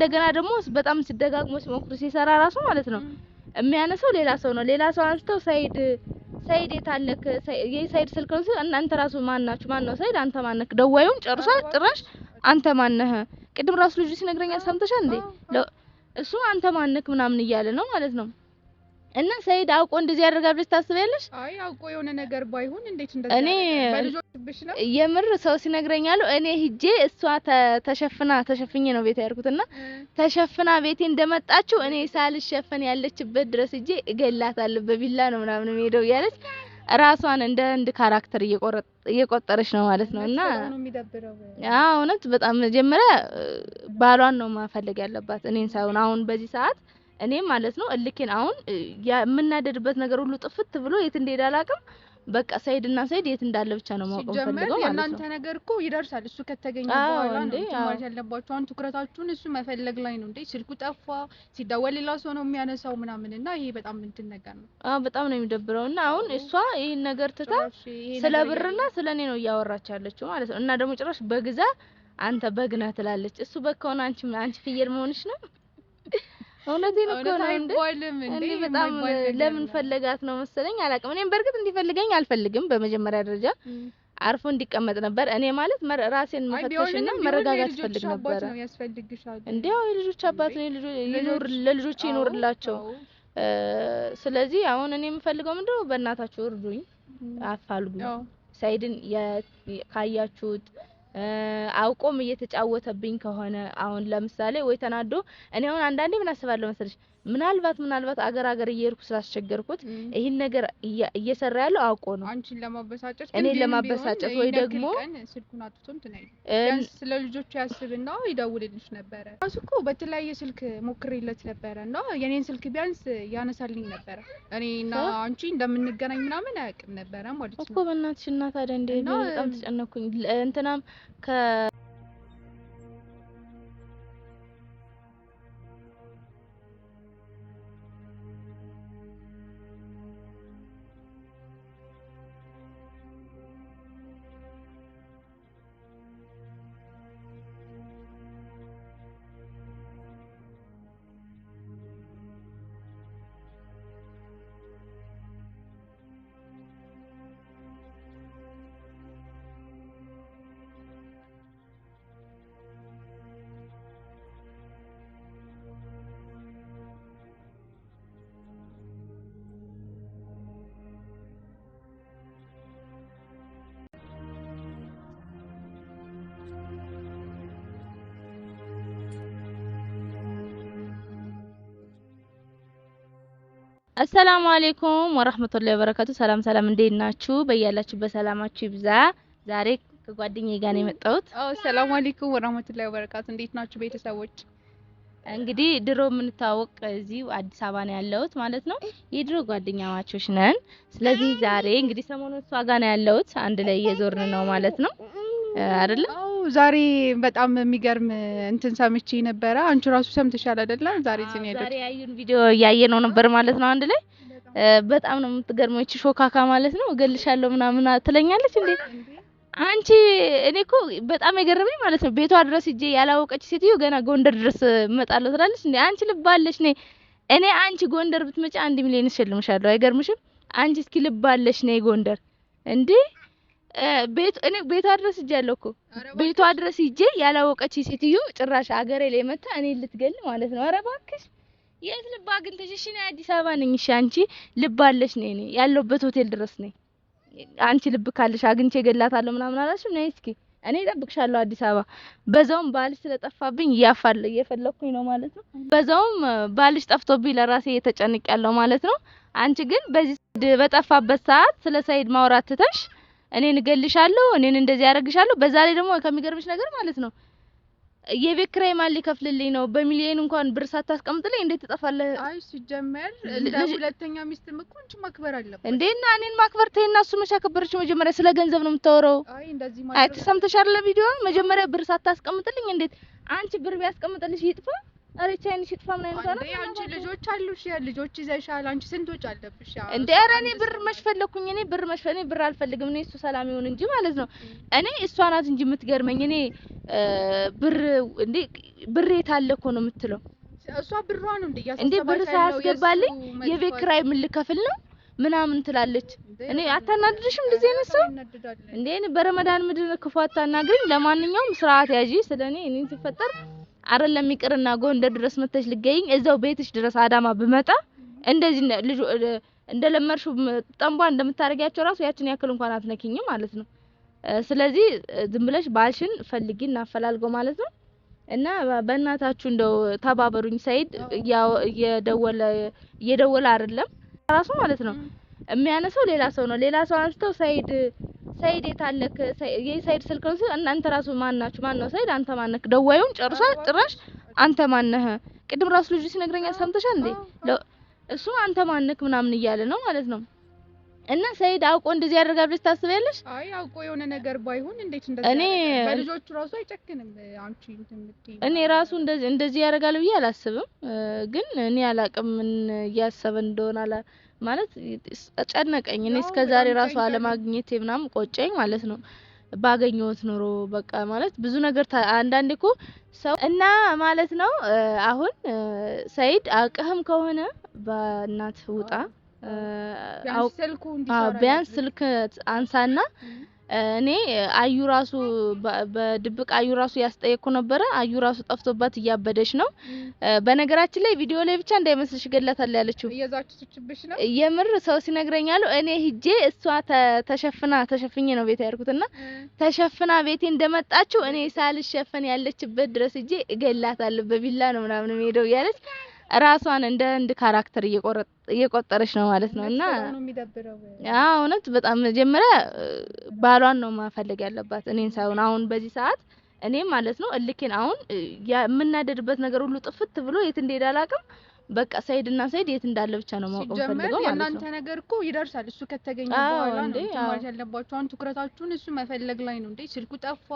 እንደገና ደግሞ በጣም ሲደጋግሞ ሲሞክሩ ሲሰራ ራሱ ማለት ነው የሚያነሳው ሌላ ሰው ነው። ሌላ ሰው አንስተው ሳይድ ሳይድ የታለክ የሳይድ ስልክ ነው እናንተ ራሱ ማን ናችሁ? ማን ነው ሳይድ? አንተ ማነክ? ደዋዩም ጨርሳ ጭራሽ አንተ ማነህ? ቅድም ራሱ ልጁ ሲነግረኛ ሰምተሻል እንዴ? እሱ አንተ ማነክ ምናምን እያለ ነው ማለት ነው። እና ሰይድ አውቆ እንደዚህ ያደርጋል ብለሽ ታስቢያለሽ? አይ አውቆ የሆነ ነገር ባይሆን እንዴት እንደዛ እኔ ነው የምር ሰው ሲነግረኛሉ እኔ ሂጄ እሷ ተሸፍና ተሸፍኜ ነው ቤት ያርኩትና ተሸፍና ቤቴ እንደመጣችው እኔ ሳልሸፈን ያለችበት ድረስ ሂጄ እገላታለሁ በቢላ ነው ምናምን የምሄደው እያለች ራሷን እንደ አንድ ካራክተር እየቆጠረች ነው ማለት ነው። እና አዎ እውነት በጣም መጀመሪያ ባሏን ነው ማፈልግ ያለባት እኔን ሳይሆን አሁን በዚህ ሰዓት እኔ ማለት ነው እልኬን አሁን የምናደድበት ነገር ሁሉ ጥፍት ብሎ የት እንደሄደ አላውቅም። በቃ ሰይድ እና ሰይድ የት እንዳለ ብቻ ነው ማውቀው ፈልገው ማለት ነው። የእናንተ ነገር እኮ ይደርሳል። እሱ ከተገኘ በኋላ ነው ማለት ያለባችሁ። አሁን ትኩረታችሁን እሱ መፈለግ ላይ ነው እንዴ። ስልኩ ጠፋ፣ ሲደወል ሌላ ሰው ነው የሚያነሳው ምናምን እና ይሄ በጣም እንትን ነገር ነው። አዎ በጣም ነው የሚደብረው። እና አሁን እሷ ይሄን ነገር ትታ ስለ ብርና ስለ እኔ ነው እያወራች ያለችው ማለት ነው። እና ደግሞ ጭራሽ በግዛ አንተ በግና ትላለች። እሱ በግ ከሆነ አንቺ አንቺ ፍየል መሆንሽ ነው እውነቴን እኮ ነው እንዴ? እኔ በጣም ለምን ፈለጋት ነው መሰለኝ አላውቅም። እኔም በእርግጥ እንዲፈልገኝ አልፈልግም። በመጀመሪያ ደረጃ አርፎ እንዲቀመጥ ነበር። እኔ ማለት ራሴን መፈተሽና መረጋጋት ፈልግ ነበር። እንዴው የልጆች አባት ነው፣ ልጆች ይኖር ለልጆች ይኖርላቸው። ስለዚህ አሁን እኔ የምፈልገው ምንድነው፣ በእናታችሁ እርዱኝ፣ አፋልጉኝ። ሳይድን ካያችሁት አውቆም እየተጫወተብኝ ከሆነ አሁን ለምሳሌ ወይ ተናዶ እኔ አሁን አንዳንዴ ምን አስባለሁ መሰለሽ ምናልባት ምናልባት አገር አገር እየሄድኩ ስላስቸገርኩት ይህን ነገር እየሰራ ያለው አውቆ ነው አንቺን ለማበሳጨት እኔ ለማበሳጨት ወይ ደግሞ ስልኩን አጥቶም ትናይ ስለ ልጆቹ ያስብና ይደውልልሽ ነበረ። ራሱ እኮ በተለያየ ስልክ ሞክሬለት ነበረ እና የኔን ስልክ ቢያንስ ያነሳልኝ ነበረ። እኔና አንቺ እንደምንገናኝ ምናምን አያውቅም ነበረ ማለት ነው እኮ በእናትሽ እና ታዲያ እንደ በጣም ተጨነኩኝ እንትናም ከ አሰላሙ አሌይኩም ወራህመቱላሂ ወበረካቱ። ሰላም ሰላም፣ እንዴት ናችሁ? በያላችሁበት ሰላማችሁ ይብዛ። ዛሬ ከጓደኛዬ ጋር ነው የመጣሁት። አሰላሙ አሌይኩም ወራህመቱላሂ ወበረካቱ። እንዴት ናችሁ ቤተሰቦች? እንግዲህ ድሮ የምንታወቅ እዚሁ አዲስ አበባ ነው ያለሁት ማለት ነው። የድሮ ጓደኛ ማቾች ነን። ስለዚህ ዛሬ እንግዲህ ሰሞኑን እሷ ጋር ነው ያለሁት። አንድ ላይ እየዞርን ነው ማለት ነው አይደለም ዛሬ በጣም የሚገርም እንትን ሰምቼ ነበረ። አንቺ ራሱ ሰምተሻል አይደለም? ዛሬ ሄደ ዛሬ ያዩን ቪዲዮ እያየ ነው ነበር ማለት ነው። አንድ ላይ በጣም ነው የምትገርመው። እቺ ሾካካ ማለት ነው እገልሻለሁ ምናምን ትለኛለች እንዴ አንቺ እኔ እኮ በጣም የገረመኝ ማለት ነው ቤቷ ድረስ እጄ ያላወቀች ሴትዮ ገና ጎንደር ድረስ እመጣለሁ ትላለች። እንዴ አንቺ ልባለሽ ነይ፣ እኔ አንቺ ጎንደር ብትመጪ አንድ ሚሊዮን እሸልምሻለሁ። አይገርምሽም? አንቺ እስኪ ልባለች ነይ ጎንደር እንዴ እኔ ቤቷ ድረስ ያለው እኮ ቤቷ ድረስ ሄጄ ያላወቀች ሴትዮ ጭራሽ አገሬ ላይ መታ እኔ ልትገል ማለት ነው። አረ እባክሽ የት ልባ ግን ተሽሽ ነው። አዲስ አበባ ነኝ። እሺ አንቺ ልብ አለሽ ነኝ እኔ ያለሁበት ሆቴል ድረስ ነኝ። አንቺ ልብ ካለሽ አግኝቼ ገላታለሁ ምናምን አላልሽም? ነይ እስኪ እኔ እጠብቅሻለሁ አዲስ አበባ። በዛውም ባልሽ ስለጠፋብኝ እያፋለ እየፈለኩኝ ነው ማለት ነው። በዛውም ባልሽ ጠፍቶብኝ ለራሴ እየተጨንቅ ያለው ማለት ነው። አንቺ ግን በዚህ በጠፋበት ሰዓት ስለ ሰይድ ማውራት ትተሽ እኔን እገልሻለሁ፣ እኔን እንደዚህ ያደርግሻለሁ። በዛ ላይ ደግሞ ከሚገርምሽ ነገር ማለት ነው የቤት ኪራይ ማን ሊከፍልልኝ ነው? በሚሊዮን እንኳን ብር ሳታስቀምጥልኝ እንዴት ትጠፋለህ? አይ ሲጀመር ሁለተኛ ሚስትም እኮ አንቺ ማክበር አለበት እንዴ። እና እኔን ማክበር ተይና፣ እሱ መቼ አከበረች? መጀመሪያ ስለ ገንዘብ ነው የምታወራው። አይ እንደዚህ ማለት አይ ተሰምተሻል? ለቪዲዮ መጀመሪያ ብር ሳታስቀምጥልኝ እንዴት አንቺ ብር ቢያስቀምጥልሽ ይጥፋ ኧረ ይህቺ ዓይንሽ ይጥፋ። ምን አይነት አረ አንቺ ልጆች አሉሽ፣ ያ ልጆች ይዘሻል። አንቺ ስንት ወጪ አለብሽ? ያ ኧረ እኔ ብር መሽፈለኩኝ ፈለኩኝ? እኔ ብር መች ብር አልፈልግም። እኔ እሱ ሰላም ይሁን እንጂ ማለት ነው። እኔ እሷ ናት እንጂ የምትገርመኝ። እኔ ብር እንዴ ብር የታለ እኮ ነው የምትለው እሷ። ብሯ ነው እንዴ እንዴ ብር ሳያስገባልኝ የቤት ኪራይ ምን ልከፍል ነው ምናምን ትላለች። እኔ አታናድድሽም? እንደዚህ አይነት ሰው እንዴ በረመዳን ምድር ክፉ አታናግሪኝ። ለማንኛውም ስርዓት ያዢ ስለኔ እኔን ሲፈጠር አይደለም ይቅርና ጎንደር ድረስ መተሽ ልገይኝ እዛው ቤትሽ ድረስ አዳማ ብመጣ እንደዚህ ልጅ እንደለመርሽው ጠንቧ እንደምታረጊያቸው ራሱ ያችን ያክል እንኳን አትነኪኝ ማለት ነው። ስለዚህ ዝም ብለሽ ባልሽን ፈልጊ እናፈላልጎ ማለት ነው። እና በእናታችሁ እንደው ተባበሩኝ። ሰይድ የደወለ እየደወለ አይደለም ራሱ ማለት ነው የሚያነሰው ሌላ ሰው ነው። ሌላ ሰው አንስተው ሰይድ ሰይድ የታለክ የሰይድ ስልክ ነው። እናንተ ራሱ ማን ናችሁ? ማን ነው ሰይድ? አንተ ማን ነህ? ደዋዩን ጨርሳ ጭራሽ አንተ ማን ነህ? ቅድም ራሱ ልጁ ሲነግረኝ ሰምተሻል እንዴ? እሱ አንተ ማን ነህ ምናምን እያለ ነው ማለት ነው። እና ሰይድ አውቆ እንደዚህ ያደርጋል ብለሽ ታስቢያለሽ? አይ አውቆ የሆነ ነገር ባይሆን እንዴት እንደዚህ እኔ በልጆቹ ራሱ አይጨክንም። አንቺ እኔ ራሱ እንደዚህ እንደዚህ ያደርጋል ብዬ አላስብም፣ ግን እኔ አላቅም ምን እያሰበ እንደሆነ አላ ማለት ጨነቀኝ። እኔ እስከ ዛሬ ራሱ አለማግኘት ምናምን ቆጨኝ ማለት ነው። ባገኘሁት ኑሮ በቃ ማለት ብዙ ነገር አንዳንድ እኮ ሰው እና ማለት ነው። አሁን ሰይድ አቅህም ከሆነ በእናት ውጣ፣ ቢያንስ ስልክ አንሳና እኔ አዩ ራሱ በድብቅ አዩ ራሱ ያስጠየቅኩ ነበረ። አዩ ራሱ ጠፍቶባት እያበደች ነው። በነገራችን ላይ ቪዲዮ ላይ ብቻ እንዳይመስልሽ ገላታል ያለችው የምር ሰው ሲነግረኝ አለው። እኔ ሂጄ እሷ ተሸፍና ተሸፍኜ ነው ቤት ያርኩትና ተሸፍና ቤቴ እንደመጣችው እኔ ሳልሸፈን ያለችበት ድረስ ሂጄ እገላታለሁ በቢላ ነው ምናምን ሄደው እያለች ራሷን እንደ አንድ ካራክተር እየቆጠረች ነው ማለት ነው። እና አዎ እውነት በጣም መጀመሪያ ባሏን ነው ማፈለግ ያለባት እኔን ሳይሆን አሁን በዚህ ሰዓት እኔ ማለት ነው እልኬን አሁን የምናደድበት ነገር ሁሉ ጥፍት ብሎ የት እንደሄደ አላውቅም። በቃ ሳይድ እና ሳይድ የት እንዳለ ብቻ ነው ማወቅ ፈልገው ማለት ነው። እናንተ ነገር እኮ ይደርሳል። እሱ ከተገኘ በኋላ ነው ማለት ያለባችሁ። አሁን ትኩረታችሁን እሱ መፈለግ ላይ ነው እንዴ። ስልኩ ጠፋ፣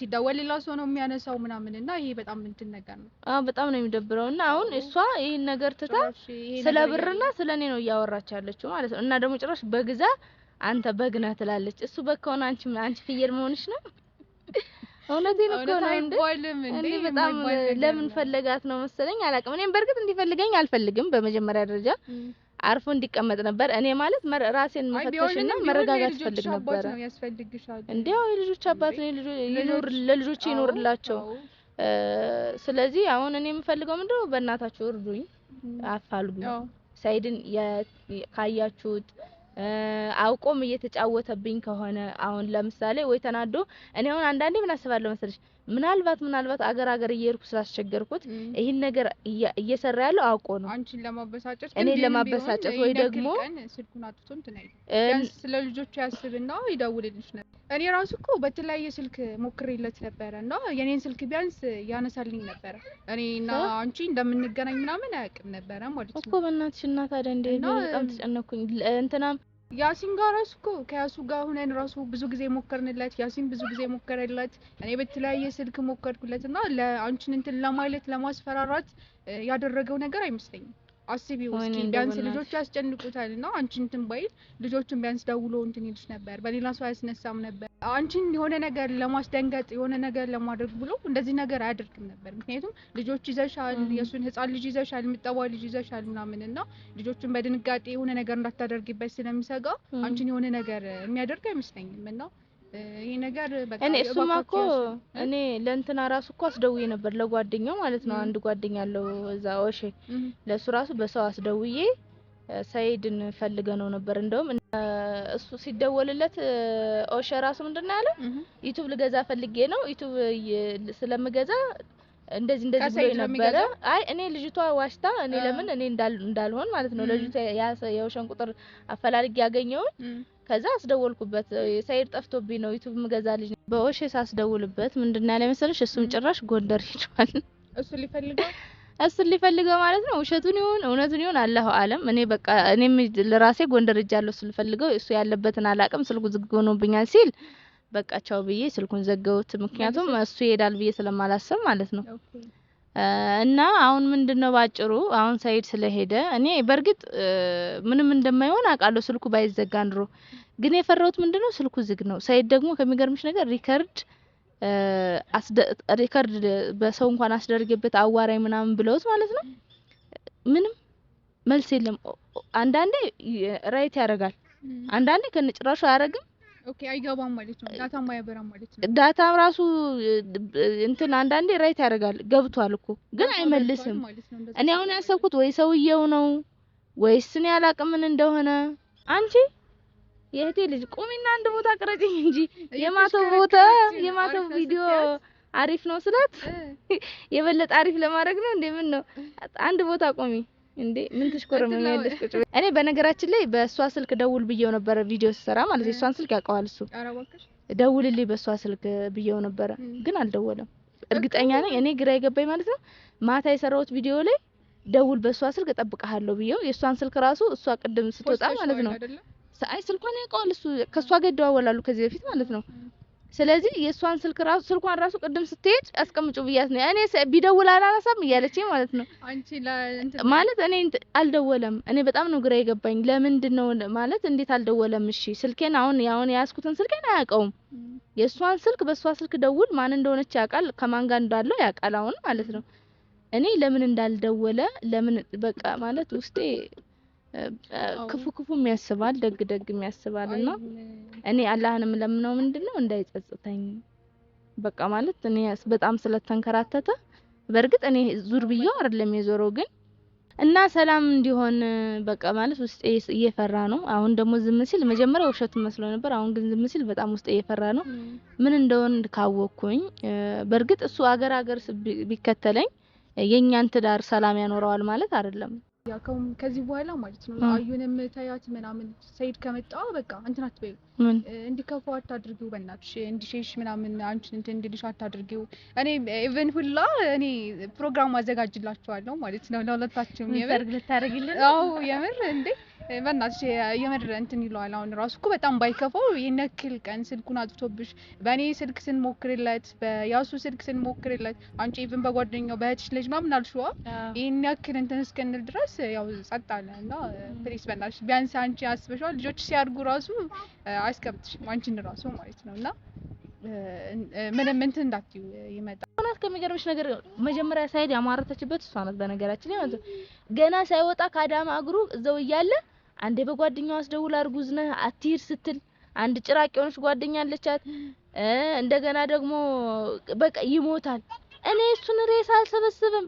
ሲደወል ሌላ ሰው ነው የሚያነሳው ምናምን እና ይሄ በጣም እንትን ነገር ነው። አዎ በጣም ነው የሚደብረው። እና አሁን እሷ ይሄን ነገር ትታ ስለ ብርና ስለ እኔ ነው እያወራች ያለችው ማለት ነው። እና ደግሞ ጭራሽ በግዛ አንተ በግና ትላለች። እሱ በግ ከሆነ አንቺ አንቺ ፍየል መሆንሽ ነው እውነቴን እኮ ነው። እንዴ ለምን ፈለጋት ነው መሰለኝ አላውቅም። እኔም በእርግጥ እንዲፈልገኝ አልፈልግም። በመጀመሪያ ደረጃ አርፎ እንዲቀመጥ ነበር። እኔ ማለት ራሴን መፈተሽና መረጋጋት ፈልግ ነበር። እንዴ የልጆች አባት ነው፣ ለልጆች ይኖርላቸው። ስለዚህ አሁን እኔ የምፈልገው ምንድነው፣ በእናታችሁ እርዱኝ፣ አፋልጉኝ። ሳይድን ካያችሁት አውቆም እየተጫወተብኝ ከሆነ አሁን ለምሳሌ ወይ ተናዶ እኔ አሁን አንዳንዴ ምን አስባለሁ መሰለሽ ምናልባት ምናልባት አገር አገር እየሄድኩ ስላስቸገርኩት ይህን ነገር እየሰራ ያለው አውቆ ነው፣ አንቺን ለማበሳጨት እኔ ለማበሳጨት ወይ ደግሞ ስልኩን አጥቶም ትናይ አይልም። ስለ ልጆቹ ያስብና ይደውልልሽ ነበር። እኔ ራሱ እኮ በተለያየ ስልክ ሞክሬለት ነበረ እና የኔን ስልክ ቢያንስ ያነሳልኝ ነበረ። እኔና አንቺ እንደምንገናኝ ምናምን አያውቅም ነበረ ማለት ነው እኮ በእናትሽ። እና ታዲያ እንደ በጣም ተጨነኩኝ እንትናም ያሲን ጋር ራሱ እኮ ከያሱ ጋር ሆነን ራሱ ብዙ ጊዜ ሞከርንለት። ያሲን ብዙ ጊዜ ሞከረለት። እኔ በተለያየ ስልክ ሞከርኩለት እና ለአንቺን እንትን ለማለት ለማስፈራራት ያደረገው ነገር አይመስለኝም። አስቢ ውስኪ ቢያንስ ልጆቹ ያስጨንቁታል እና አንቺ እንትን ባይል ልጆቹን ቢያንስ ደውሎ እንትን ይልሽ ነበር። በሌላ ሰው አያስነሳም ነበር። አንቺን የሆነ ነገር ለማስደንገጥ የሆነ ነገር ለማድረግ ብሎ እንደዚህ ነገር አያደርግም ነበር። ምክንያቱም ልጆች ይዘሻል፣ የእሱን ህፃን ልጅ ይዘሻል፣ የምጠባ ልጅ ይዘሻል ምናምን እና ልጆቹን በድንጋጤ የሆነ ነገር እንዳታደርግበት ስለሚሰጋ አንቺን የሆነ ነገር የሚያደርግ አይመስለኝም እና ይሄ ነገር በቃ እኔ እሱማ እኮ እኔ ለእንትና ራሱ እኮ አስደውዬ ነበር ለጓደኛው ማለት ነው። አንድ ጓደኛ አለው እዛ ኦሼ፣ ለሱ ራሱ በሰው አስደውዬ ሰይድን ፈልገ ነው ነበር። እንደውም እሱ ሲደወልለት ኦሼ ራሱ ምንድነው ያለው? ዩቲዩብ ልገዛ ፈልጌ ነው ዩቲዩብ ስለምገዛ እንደዚህ እንደዚህ ብሎ የነበረ አይ እኔ ልጅቷ ዋሽታ እኔ ለምን እኔ እንዳልሆን ማለት ነው ለልጅቷ የውሸን ቁጥር አፈላልጌ ያገኘውን ከዛ አስደወልኩበት። ሰይድ ጠፍቶብኝ ነው ዩቲዩብ ምገዛ ልጅ በኦሼ ሳስደውልበት ምንድን ያለ መሰለሽ እሱም ጭራሽ ጎንደር ሄዷል። እሱ ሊፈልገው እሱን ሊፈልገው ማለት ነው። ውሸቱን ይሁን እውነቱን ይሁን አላህ አለም። እኔ በቃ እኔም ለራሴ ጎንደር እጃለሁ ስልፈልገው እሱ ያለበትን አላቅም ስልኩ ዝግ ሆኖብኛል ሲል በቃቸው ብዬ ስልኩን ዘገውት። ምክንያቱም እሱ ይሄዳል ብዬ ስለማላሰብ ማለት ነው። እና አሁን ምንድነው ባጭሩ አሁን ሳይድ ስለሄደ እኔ በእርግጥ ምንም እንደማይሆን አውቃለሁ። ስልኩ ባይዘጋ ድሮ ግን የፈራሁት ምንድነው ስልኩ ዝግ ነው። ሳይድ ደግሞ ከሚገርምሽ ነገር ሪከርድ ሪከርድ በሰው እንኳን አስደርገበት አዋራኝ ምናምን ብለውት ማለት ነው። ምንም መልስ የለም። አንዳንዴ ራይት ያደርጋል፣ አንዳንዴ ከነጭራሹ አያደርግም። ኦኬ አይገባም ማለት ነው። ዳታም አያበራም ማለት ነው። ዳታም ራሱ እንትን አንዳንዴ ራይት ያደርጋል ገብቷል እኮ ግን አይመልስም። እኔ አሁን ያሰብኩት ወይ ሰውየው ነው ወይስ እኔ አላቅም ምን እንደሆነ። አንቺ የእህቴ ልጅ ቁሚና አንድ ቦታ ቅረጭኝ እንጂ የማተው ቦታ የማተው ቪዲዮ አሪፍ ነው ስላት የበለጠ አሪፍ ለማድረግ ነው እንደምን ነው አንድ ቦታ ቁሚ እንዴ ምን ትሽኮረመሚያለሽ? ቁጭ እኔ በነገራችን ላይ በእሷ ስልክ ደውል ብየው ነበረ ቪዲዮ ስሰራ ማለት እሷን ስልክ ያውቀዋል እሱ። ደውልልኝ በእሷ ስልክ ብየው ነበረ ግን አልደወለም። እርግጠኛ ነኝ እኔ ግራ የገባኝ ማለት ነው ማታ የሰራሁት ቪዲዮ ላይ ደውል በእሷ ስልክ እጠብቅሃለሁ ብየው የእሷን ስልክ ራሱ እሷ ቅድም ስትወጣ ማለት ነው አይ ስልኳን ያውቀዋል እሱ ከእሷ ጋር ይደዋወላሉ ከዚህ በፊት ማለት ነው ስለዚህ የእሷን ስልክ ራሱ ስልኳን ራሱ ቅድም ስትሄድ አስቀምጩ ብያት ነው እኔ ቢደውል አላነሳም እያለች ማለት ነው። አንቺ ማለት እኔ አልደወለም። እኔ በጣም ነው ግራ የገባኝ። ለምንድን ነው ማለት እንዴት አልደወለም? እሺ ስልኬን አሁን ያሁን የያዝኩትን ስልኬን አያውቀውም። የእሷን ስልክ በእሷ ስልክ ደውል ማን እንደሆነች ያውቃል፣ ከማን ጋር እንዳለው ያውቃል። አሁን ማለት ነው እኔ ለምን እንዳልደወለ ለምን በቃ ማለት ውስጤ ክፉ ክፉ የሚያስባል ደግ ደግ የሚያስባል እና እኔ አላህንም ለምነው ምንድነው እንዳይጸጽተኝ በቃ ማለት እኔ በጣም ስለተንከራተተ በእርግጥ እኔ ዙር ብዬ አይደለም የዞረው ግን እና ሰላም እንዲሆን በቃ ማለት ውስጤ እየፈራ ነው። አሁን ደግሞ ዝም ሲል መጀመሪያ ውሸት መስሎ ነበር። አሁን ግን ዝም ሲል በጣም ውስጤ እየፈራ ነው። ምን እንደሆን ካወቅኩኝ በእርግጥ እሱ አገር አገር ቢከተለኝ የእኛን ትዳር ሰላም ያኖረዋል ማለት አይደለም። ያከውም ከዚህ በኋላ ማለት ነው አዩንም ተያት ምናምን ሰይድ ከመጣ በቃ እንትን አትበይው፣ እንዲከፋ አታድርጊው፣ በእናትሽ እንዲሸሽ ምናምን አንቺን እንትን እንዲልሽ አታድርጊው። እኔ ኢቨን ሁላ እኔ ፕሮግራም አዘጋጅላችኋለሁ ማለት ነው ለሁለታችሁም። የምር ልታደርግልን? አዎ የምር እንዴ በእናትሽ የምር እንትን ይለዋል። አሁን ራሱ እኮ በጣም ባይከፋው ይህን ያክል ቀን ስልኩን አጥፍቶብሽ በእኔ ስልክ ስንሞክርለት፣ በያሱ ስልክ ስንሞክርለት፣ አንቺ ኢቭን በጓደኛው በእህትሽ ልጅ ምናምን አልሽዋ ይህን ያክል እንትን እስክንል ድረስ ያው ጸጥ አለ እና ፕሊስ በእናትሽ ቢያንስ አንቺ አስበሽዋል። ልጆች ሲያድጉ ራሱ አያስከብትሽም አንቺን ራሱ ማለት ነው እና ምንም እንትን እንዳትዪው ይመጣል። ሆናት ከሚገርምሽ ነገር መጀመሪያ ሳይድ ያማረተችበት እሷ ናት። በነገራችን ላይ ገና ሳይወጣ ከአዳማ እግሩ እዛው እያለ አንዴ በጓደኛዋ አስደውል አርጉዝ ነህ አትሂድ ስትል አንድ ጭራቅ የሆነች ጓደኛ አለቻት። እንደገና ደግሞ በቃ ይሞታል። እኔ እሱን ሬሳ አልሰበስብም።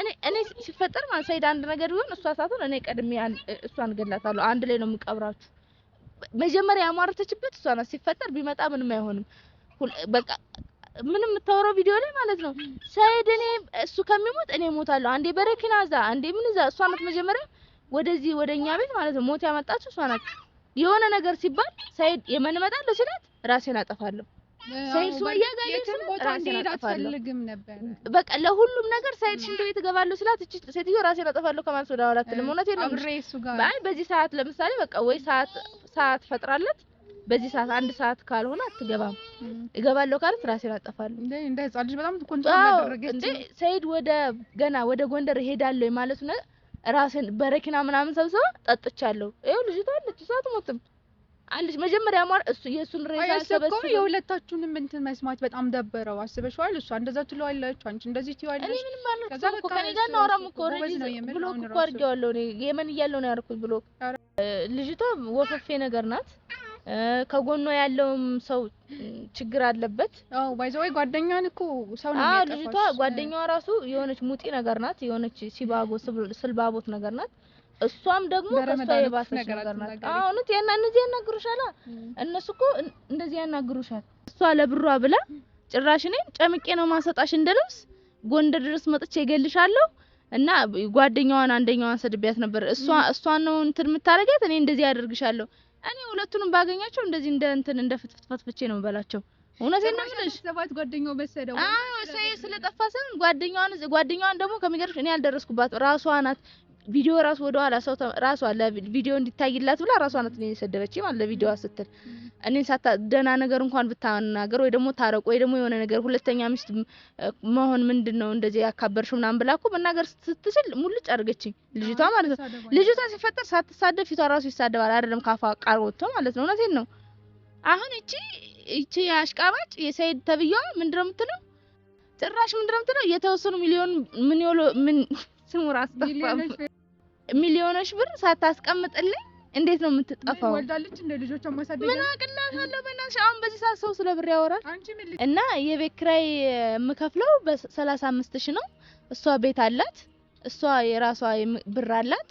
እኔ እኔ ሲፈጠር ማለት ሰይድ አንድ ነገር ቢሆን እሷ ሳትሆን እኔ ቀድሜ እሷን ገላታለሁ። አንድ ላይ ነው የምቀብራችሁ። መጀመሪያ ያሟረተችበት እሷ ናት። ሲፈጠር ቢመጣ ምንም አይሆንም። በቃ ምንም የምታወራው ቪዲዮ ላይ ማለት ነው። ሰይድ እኔ እሱ ከሚሞት እኔ ሞታለሁ። አንዴ በረኪና እዛ፣ አንዴ ምን እዛ። እሷ ናት መጀመሪያ ወደዚህ ወደኛ ቤት ማለት ነው ሞት ያመጣችሁ እሷ ናት። የሆነ ነገር ሲባል ሰይድ የማን እመጣለሁ ሲላት ራሴን አጠፋለሁ ሰይድ ሱመያ ጋር የትም ነበር። በቃ ለሁሉም ነገር ሰይድ ሽንት ቤት እገባለሁ ስላት እቺ ሴትዮ ራሴን አጠፋለሁ ከማለት ወደ ኋላ አትልም። እውነቴን ነው አብሬ ጋር በዚህ ሰዓት ለምሳሌ በቃ ወይ ሰዓት ሰዓት ፈጥራለት በዚህ ሰዓት አንድ ሰዓት ካልሆነ አትገባም። እገባለሁ ካለት ራሴን አጠፋለሁ እንዴ እንደ ህጻን ልጅ በጣም ኮንትሮል ያደረገች እንዴ ሰይድ ወደ ገና ወደ ጎንደር እሄዳለሁ ማለት ነው ራሴን በረኪና ምናምን ሰብስባ ጠጥቻለሁ። ይኸው ልጅቷ አለች፣ እሷ አትሞትም አለች። መጀመሪያ ማር እሱ የእሱን ሬሳ ሰበስብ። የሁለታችሁንም እንትን መስማት በጣም ደበረው። አስበሽዋል? እሷ እንደዛ ትለዋለች፣ አንቺ እንደዚህ ትይዋለች። እኔ ምንም ማለት ነው ከኔ ጋር እናወራም እኮ ብሎክ እኮ አድርጌዋለሁ። እኔ የመን እያለሁ ነው ያደረኩት ብሎክ። ልጅቷ ወፈፌ ነገር ናት። ከጎኗ ያለውም ሰው ችግር አለበት። አዎ ባይዘው ወይ ጓደኛን እኮ ሰው ነው የሚያጠፋው። ልጅቷ ጓደኛዋ ራሱ የሆነች ሙጢ ነገር ናት፣ የሆነች ሲባጎ ስልባቦት ነገር ናት። እሷም ደግሞ ከሷ የባሰች ነገር ናት። አዎ እውነት ያና እነዚህ ያናግሩሻል። እነሱ እኮ እንደዚህ ያናግሩሻል። እሷ ለብሯ ብላ ጭራሽ እኔን ጨምቄ ነው ማሰጣሽ እንደልብስ ጎንደር ድረስ መጥቼ እገልሻለሁ እና ጓደኛዋን አንደኛዋን ሰድቢያት ነበር። እሷ እሷን ነው እንትን የምታረጋት እኔ እንደዚህ ያደርግሻለሁ እኔ ሁለቱንም ባገኛቸው እንደዚህ እንደ እንትን እንደ ፍትፍት ብቻ ነው የምበላቸው። እውነቴን ነው የምልሽ። ሰባት ጓደኛው በሰደው አዎ፣ ሰይ ስለጠፋ ስም ጓደኛዋን ጓደኛዋን ደግሞ ከሚገርምሽ እኔ ያልደረስኩባት ራሷ ናት ቪዲዮ ራሱ ወደ ኋላ ሰው ራሷ ለቪዲዮ እንዲታይላት ብላ ራሷ ናት እኔን የሰደበች ማለት ለቪዲዮዋ ስትል እኔን ሳታ ደህና ነገር እንኳን ብታናገር ወይ ደግሞ ታረቁ ወይ ደግሞ የሆነ ነገር ሁለተኛ ሚስት መሆን ምንድን ነው እንደዚህ ያካበርሽ ምናምን ብላ እኮ መናገር ስትችል ሙልጭ አድርገችኝ ልጅቷ ማለት ነው። ልጅቷ ሲፈጠር ሳትሳደብ ፊቷ ራሱ ይሳደባል አይደለም ካፋ ቃር ወጥቶ ማለት ነው። እውነቴን ነው። አሁን እቺ እቺ አሽቃባጭ የሰይድ ተብዬዋ ምንድነው ነው የምትለው? ጭራሽ ምንድን የምትለው የተወሰኑ ሚሊዮን ምን ምን ስሙ ራስ ጠፋ። ሚሊዮኖች ብር ሳታስቀምጥልኝ እንዴት ነው የምትጠፋው? ወልዳለች እንደ ልጆቿ ማሳደግ ምን አቅላታለሁ? በእናትሽ አሁን በዚህ ሰዓት ሰው ስለ ብር ያወራል። እና የቤት ኪራይ የምከፍለው በሰላሳ አምስት ሺህ ነው። እሷ ቤት አላት፣ እሷ የራሷ ብር አላት።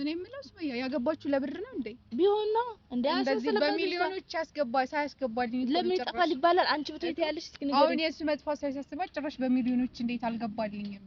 እኔ የምለው ሱመያ ያገባችሁ ለብር ነው እንዴ? ቢሆን ነው እንዴ? እንደዚህ በሚሊዮኖች ያስገባ ሳያስገባ ለምን ይጠፋል ይባላል? አንቺ ብትይ ያለሽ እስኪ ንገሪኝ። አሁን የእሱ መጥፋት ሳይሳስባት ጭራሽ በሚሊዮኖች እንዴት አልገባልኝም?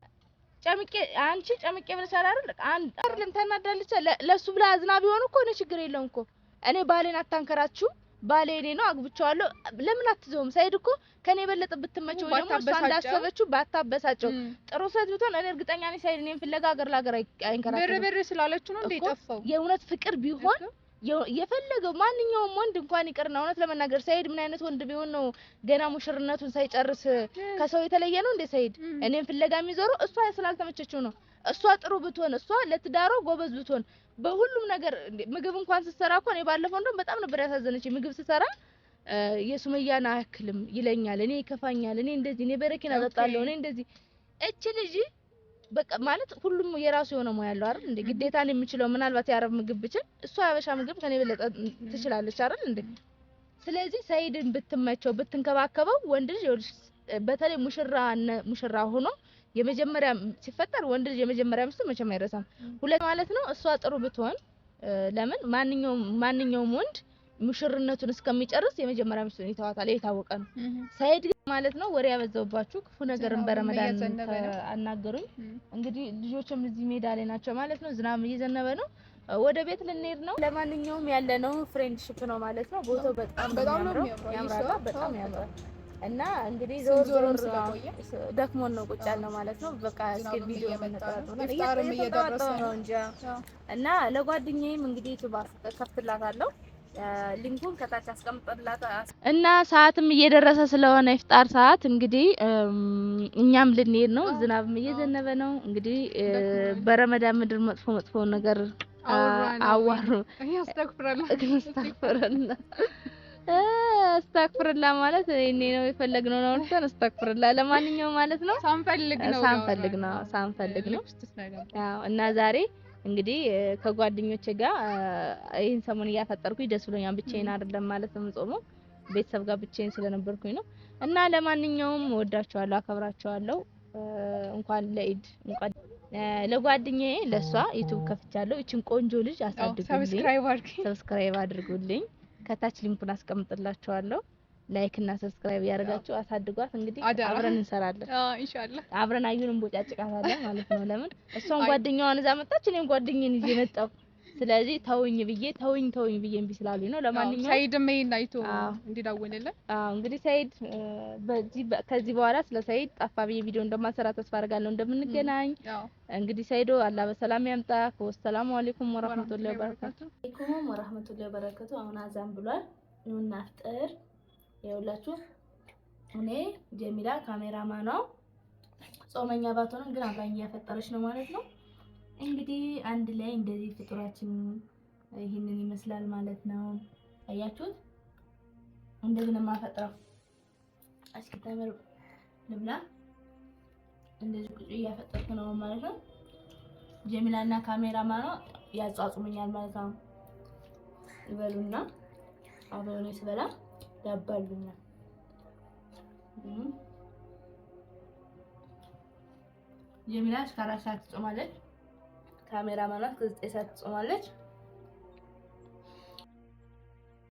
ጨምቄ አንቺ ጨምቄ ብለሽ አይደል? አንድ አይደለም ተናዳለች። ለሱ ብላ አዝና ቢሆን እኮ እኔ ችግር የለውም እኮ እኔ ባሌን አታንከራችሁ። ባሌ እኔ ነው አግብቼዋለሁ። ለምን አትዘውም? ሳይድ እኮ ከኔ የበለጠ ብትመቸው ወይ ደግሞ እሷ እንዳሰበችው ባታበሳጨው ጥሩ ሰት ብትሆን እኔ እርግጠኛ ነኝ። ሳይድ እኔን ፍለጋ ሀገር ለሀገር አይንከራከርም። ብር ብር ስላለችው ነው እንደ የጠፋው የእውነት ፍቅር ቢሆን የፈለገው ማንኛውም ወንድ እንኳን ይቅርና እውነት ለመናገር ሰይድ ምን አይነት ወንድ ቢሆን ነው ገና ሙሽርነቱን ሳይጨርስ ከሰው የተለየ ነው እንዴ? ሰይድ እኔም ፍለጋ የሚዞረው እሷ ስላልተመቸችው ነው። እሷ ጥሩ ብትሆን እሷ ለትዳሮ ጎበዝ ብትሆን በሁሉም ነገር ምግብ እንኳን ስትሰራ እኮ እኔ ባለፈው እንደውም በጣም ነበር ያሳዘነች። ምግብ ስትሰራ የሱመያን አያክልም ይለኛል፣ እኔ ይከፋኛል፣ እኔ እንደዚህ፣ እኔ በረኪና ጠጣለሁ፣ እኔ እንደዚህ እች ልጅ በቃ ማለት ሁሉም የራሱ የሆነ ሙያ ያለው አይደል እንዴ? ግዴታን የምችለው ምናልባት የአረብ ምግብ ብችል እሷ ያበሻ ምግብ ከኔ በለጠ ትችላለች አይደል እንዴ? ስለዚህ ሰይድን ብትመቸው ብትንከባከበው፣ ወንድ ልጅ በተለይ ሙሽራ ሙሽራ ሆኖ የመጀመሪያ ሲፈጠር ወንድ ልጅ የመጀመሪያ ሚስቱ መቼም አይረሳም። ሁለት ማለት ነው እሷ ጥሩ ብትሆን ለምን ማንኛውም ማንኛውም ወንድ ሙሽርነቱን እስከሚጨርስ የመጀመሪያ ሚስቱን ይተዋታል። የታወቀ ነው። ሳይድ ማለት ነው ወሬ ያበዛውባችሁ ክፉ ነገርን በረመዳን አናገሩኝ። እንግዲህ ልጆችም እዚህ ሜዳ ላይ ናቸው ማለት ነው። ዝናብ እየዘነበ ነው። ወደ ቤት ልንሄድ ነው። ለማንኛውም ያለ ነው ፍሬንድሽፕ ነው ማለት ነው። ቦታው በጣም በጣም ነው ያምራል። በጣም ያምራል። እና እንግዲህ ዞር ዞር ደክሞን ነው ቁጭ ያልነው ማለት ነው። በቃ እስኪ ቪዲዮ እየደረሰ ነው እንጂ እና ለጓደኛዬም እንግዲህ ቱባ ከፍትላታለሁ ሊንኩን ከታች አስቀምጠላት እና ሰዓትም እየደረሰ ስለሆነ ይፍጣር ሰዓት እንግዲህ እኛም ልንሄድ ነው። ዝናብም እየዘነበ ነው። እንግዲህ በረመዳን ምድር መጥፎ መጥፎ ነገር አዋሩ አስተክፍረላ አስተክፍርላ ማለት እኔ ነው የፈለግነው ነው ልተን አስተክፍርላ ለማንኛውም ማለት ነው ሳንፈልግ ነው ሳንፈልግ ነው ሳንፈልግ ነው እና ዛሬ እንግዲህ ከጓደኞቼ ጋር ይህን ሰሞን እያፈጠርኩኝ ደስ ብሎኛል። ብቻዬን አይደለም ማለት ነው የምጾመው፣ ቤተሰብ ጋር ብቻዬን ስለነበርኩኝ ነው። እና ለማንኛውም ወዳቸዋለሁ፣ አከብራቸዋለሁ። እንኳን ለኢድ እንኳን ለጓደኛዬ ለእሷ ዩቱብ ከፍቻለሁ። እቺን ቆንጆ ልጅ አሳድጉልኝ፣ ሰብስክራይብ አድርጉልኝ። ከታች ሊንኩን አስቀምጥላችኋለሁ። ላይክ እና ሰብስክራይብ ያደርጋችሁ አሳድጓት። እንግዲህ አብረን እንሰራለን። አዎ ኢንሻአላህ አብረን አዩንም ቦጫጭቃታለን ማለት ነው። ለምን እሷን ጓደኛዋን እዛ መጣች፣ እኔም ጓደኛዬን ይዤ መጣሁ። ስለዚህ ተውኝ ብዬ ተውኝ ተውኝ ብዬ እምቢ ስላሉኝ ነው። ለማንኛውም ሰይድም ይሄን አይቶ እንዲዳወልልን። አዎ እንግዲህ ሰይድ በዚህ ከዚህ በኋላ ስለ ሰይድ ጠፋ ብዬ ቪዲዮ እንደማሰራ ተስፋ አድርጋለሁ እንደምንገናኝ። እንግዲህ ሰይዶ አላህ በሰላም ያምጣ። ወሰላሙ አለይኩም ወራህመቱላሂ ወበረካቱ። ወራህመቱላሂ ወበረካቱ። አሁን አዛን ብሏል። ኑና አፍጥር ይኸውላችሁ እኔ ጀሚላ ካሜራማ ነው ጾመኛ ባትሆንም ግን አብራኝ እያፈጠረች ነው ማለት ነው። እንግዲህ አንድ ላይ እንደዚህ ፍጡራችን ይህንን ይመስላል ማለት ነው። አያችሁት? እንደዚህ ነው የማፈጥረው። እስኪ ተምር ልብላ። እንደዚህ ቁጭ እያፈጠርኩ ነው ማለት ነው። ጀሚላ እና ካሜራማ ያጻጽሙኛል ማለት ነው። ይበሉና አብረው ስበላ ያባሉኛል። የሚና እስከ አራት ሰዓት ትጾማለች። ካሜራ ማናት ከዘጠኝ ሰዓት ትጾማለች።